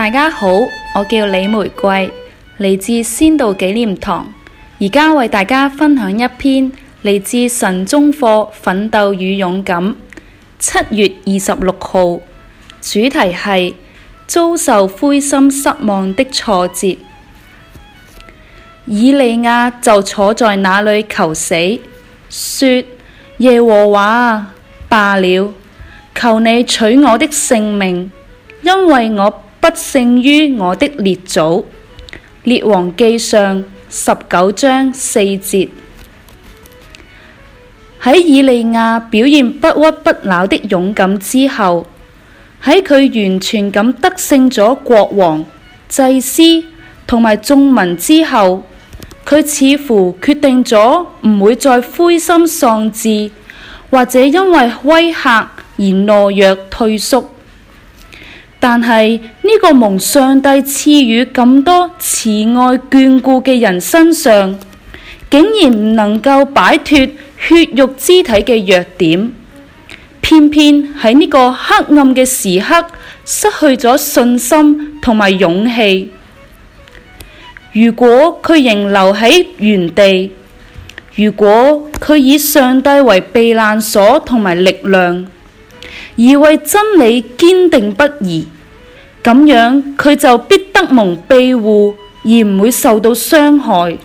大家好，我叫李玫瑰，嚟自先道紀念堂，而家為大家分享一篇嚟自神中課《奮鬥與勇敢》七月二十六號，主題係遭受灰心失望的挫折。以利亞就坐在那裏求死，說耶和華啊罷了，求你取我的性命，因為我。不勝於我的列祖，《列王記上》十九章四節。喺以利亞表現不屈不撓的勇敢之後，喺佢完全咁得勝咗國王、祭司同埋眾民之後，佢似乎決定咗唔會再灰心喪志，或者因為威嚇而懦弱退縮。但係呢個蒙上帝賜予咁多慈愛眷顧嘅人身上，竟然唔能夠擺脫血肉肢體嘅弱點，偏偏喺呢個黑暗嘅時刻失去咗信心同埋勇氣。如果佢仍留喺原地，如果佢以上帝為避難所同埋力量。而為真理堅定不移，咁樣佢就必得蒙庇護，而唔會受到傷害。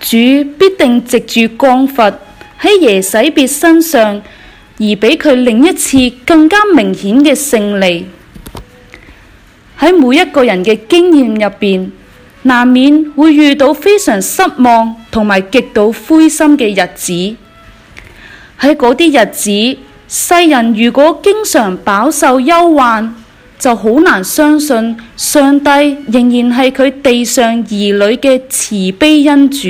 主必定藉住降罰喺耶洗別身上，而俾佢另一次更加明顯嘅勝利。喺每一個人嘅經驗入邊，難免會遇到非常失望同埋極度灰心嘅日子。喺嗰啲日子。世人如果經常飽受憂患，就好難相信上帝仍然係佢地上兒女嘅慈悲恩主。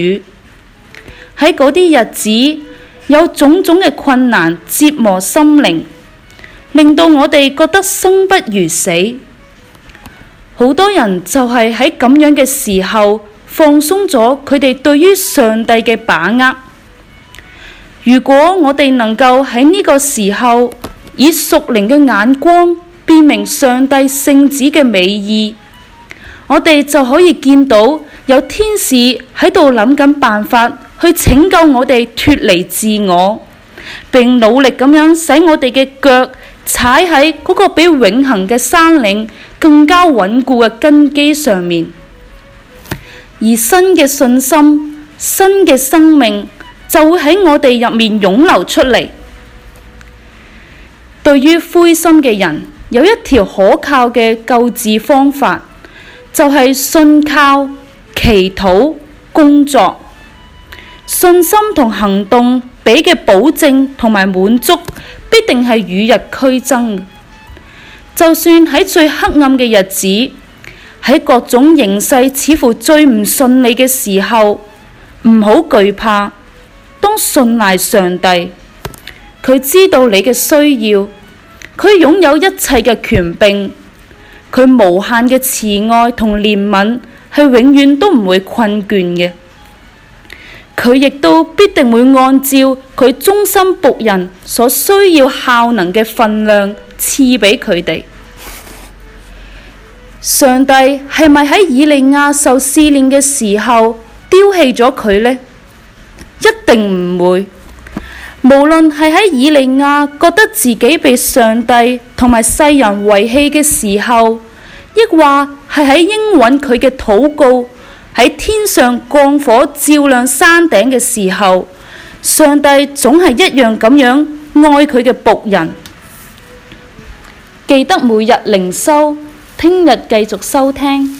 喺嗰啲日子，有種種嘅困難折磨心靈，令到我哋覺得生不如死。好多人就係喺咁樣嘅時候放鬆咗佢哋對於上帝嘅把握。如果我哋能夠喺呢個時候以屬靈嘅眼光辨明上帝聖旨嘅美意，我哋就可以見到有天使喺度諗緊辦法去拯救我哋脫離自我，並努力咁樣使我哋嘅腳踩喺嗰個比永恆嘅山嶺更加穩固嘅根基上面，而新嘅信心、新嘅生命。就會喺我哋入面湧流出嚟。對於灰心嘅人，有一條可靠嘅救治方法，就係信靠、祈禱、工作。信心同行動俾嘅保證同埋滿足，必定係與日俱增。就算喺最黑暗嘅日子，喺各種形勢似乎最唔順利嘅時候，唔好懼怕。當信賴上帝，佢知道你嘅需要，佢擁有一切嘅權柄，佢無限嘅慈愛同憐憫，係永遠都唔會困倦嘅。佢亦都必定會按照佢忠心僕人所需要效能嘅份量賜俾佢哋。上帝係咪喺以利亞受試煉嘅時候丟棄咗佢呢？一定唔會，無論係喺以利亞覺得自己被上帝同埋世人遺棄嘅時候，亦或係喺應允佢嘅禱告，喺天上降火照亮山頂嘅時候，上帝總係一樣咁樣愛佢嘅僕人。記得每日靈修，聽日繼續收聽。